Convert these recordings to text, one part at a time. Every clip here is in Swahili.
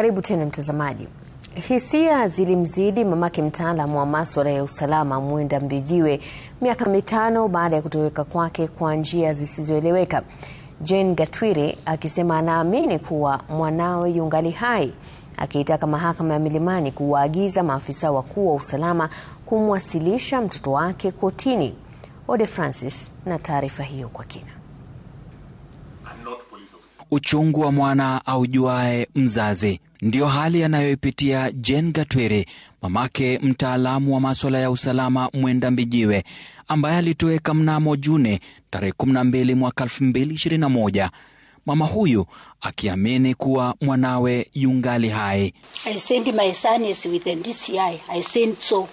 Karibu tena mtazamaji. Hisia zilimzidi mamake mtaalamu wa maswala ya usalama Mwenda Mbijiwe miaka mitano baada ya kutoweka kwake kwa njia zisizoeleweka. Jane gatwiri akisema anaamini kuwa mwanawe yungali hai, akiitaka mahakama ya Milimani kuwaagiza maafisa wakuu wa usalama kumwasilisha mtoto wake kotini. Ode Francis na taarifa hiyo kwa kina. Uchungu wa mwana aujuae mzazi Ndiyo hali anayoipitia jen Gatwere, mamake mtaalamu wa maswala ya usalama Mwenda Mbijiwe, ambaye alitoweka mnamo Juni tarehe 12 mwaka 221 mama huyu akiamini kuwa mwanawe yungali hai. I send my son is with the DCI. I send so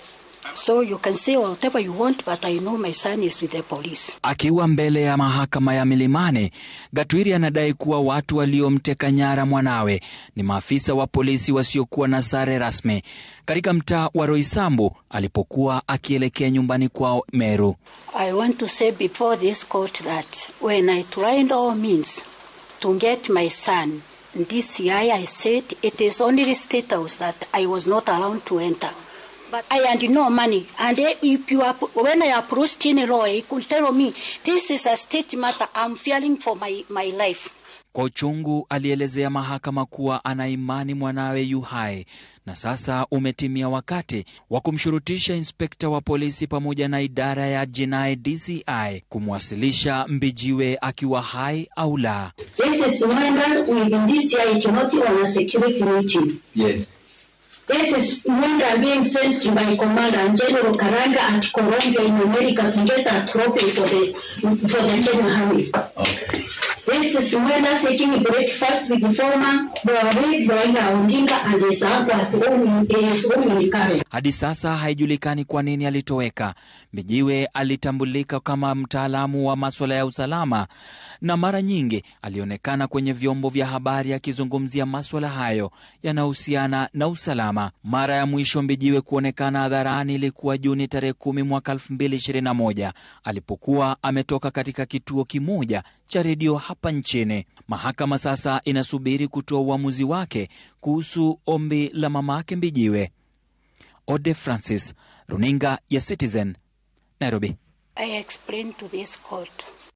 So you can say whatever you want, but I know my son is with the police. Akiwa mbele ya mahakama ya Milimani, Gatwiri anadai kuwa watu waliomteka nyara mwanawe ni maafisa wa polisi wasiokuwa na sare rasmi katika mtaa wa Roysambu alipokuwa akielekea nyumbani kwao Meru. I want to say before this court that when I tried all means to get my son DCI I said it is only the state house that I was not allowed to enter But I had no money. And if you are, when I approached Tini Roy, he could tell me, this is a state matter. I'm fearing for my, my life. Kwa uchungu alielezea mahakama kuwa anaimani mwanawe yu hai na sasa umetimia wakati wa kumshurutisha inspekta wa polisi pamoja na idara ya jinai DCI kumwasilisha Mbijiwe akiwa hai au la. This is DCI security meeting. Yes. This is Munda being sent by Commander General Karanga at Colombia in America to get a trophy for the for the Kenyan Army. Okay. Mrs. Wena taking breakfast with former Boarit Raila Odinga and his uncle. Hadi sasa haijulikani kwa nini alitoweka. Mijiwe alitambulika kama mtaalamu wa maswala ya usalama na mara nyingi alionekana kwenye vyombo vya habari akizungumzia maswala hayo yanayohusiana na usalama. Mara ya mwisho Mbijiwe kuonekana hadharani ilikuwa Juni tarehe kumi mwaka moja alipokuwa ametoka katika kituo kimoja cha redio hapa nchini. Mahakama sasa inasubiri kutoa uamuzi wake kuhusu ombi la mamake Mbijiwe. Ode Francis, runinga ya Citizen, Nairobi. I